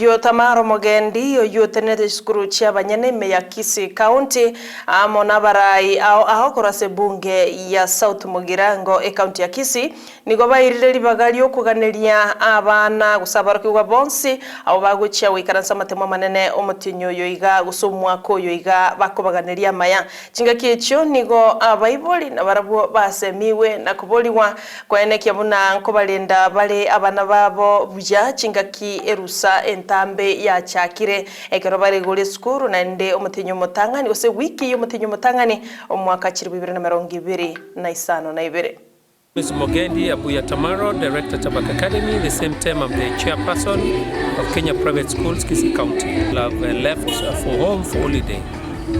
yota maro Mogendi oyuotenete skuru chia banyanime ya kisi kaunti amona barai ao ahokorase bunge ya South Mugirango e kaunti ya Kisii nigo bairire ribaga riokuganeria abana gusabarukirwa bonsi abo bagochia goikaransa amatemo manene omotinyo oyo iga gose omwaka oyo iga bakobaganiria amaya chingaki echio nigo abaibori na barabwo basemiwe na kuboriwa kwaenekia buna nkobarinda bare abana babo buja chinga chingaki erusa entambe yachakire ekero bare gore sukuru naende omotenyi omotang'ani gose wiki ya omotenyi omotang'ani omwaka chiribu ibere na mirongo ibere na isano na ibere Ms. Mogendi Abuya Tamaro, Director Tabak Academy. The same time, I'm the chairperson of Kenya Private Schools, Kisi County. I've uh, left for home for holiday.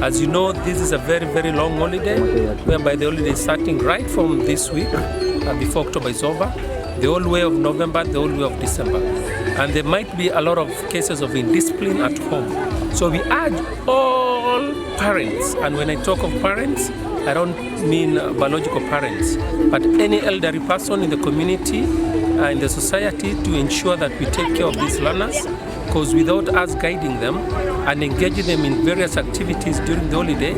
As you know, this is a very, very long holiday, whereby the holiday is starting right from this week uh, before October is over the whole way of November, the whole way of December. And there might be a lot of cases of indiscipline at home. So we urge all parents, and when I talk of parents, I don't mean biological parents, but any elderly person in the community, uh, in the society, to ensure that we take care of these learners, because without us guiding them and engaging them in various activities during the holiday,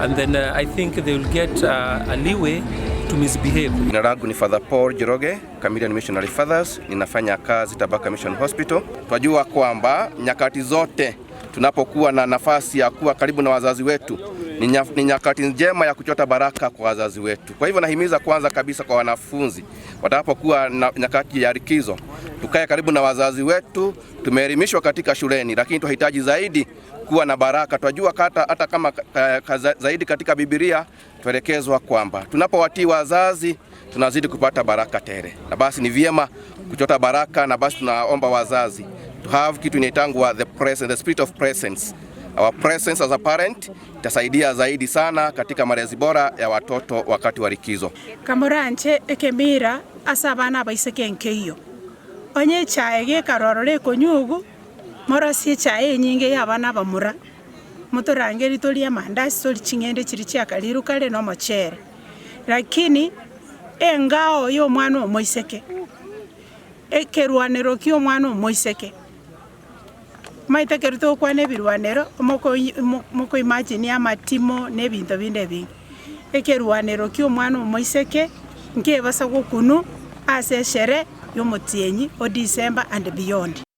and then uh, I think they will get uh, a leeway misbehave. Jina langu ni Father Paul Jiroge, Chameleon Missionary Fathers, ninafanya kazi Tabaka Mission Hospital. Twajua kwamba nyakati zote tunapokuwa na nafasi ya kuwa karibu na wazazi wetu ni nyakati njema ya kuchota baraka kwa wazazi wetu. Kwa hivyo nahimiza kwanza kabisa kwa wanafunzi watakapokuwa na nyakati ya likizo, tukae karibu na wazazi wetu. Tumeelimishwa katika shuleni, lakini tunahitaji zaidi kuwa na baraka. Twajua hata hata kama zaidi katika Biblia tuelekezwa kwamba tunapowatii wazazi tunazidi kupata baraka tele, na basi ni vyema kuchota baraka, na basi tunaomba wazazi to have kitu inaitangwa the presence, the spirit of presence Our presence as a parent itasaidia zaidi sana katika malezi bora ya watoto wakati wa likizo kamoranche ekemira ase abana baiseke nkeyo onye echae gekaroro rekonyugu morosie echae enyinge ya abana bamura motorangeri toria amandasi tori ching'ende chiri chiakariru kare no omochere lakini engao yo mwana omoiseke ekerwanero kia mwana omoiseke maite keru tukwa ni biruaniro muku imagine amatimo ni binto binde bingi ekeruaniro kia omwana omoiseke nkebasa gokunu ase eshere y'omutienyi o december and beyond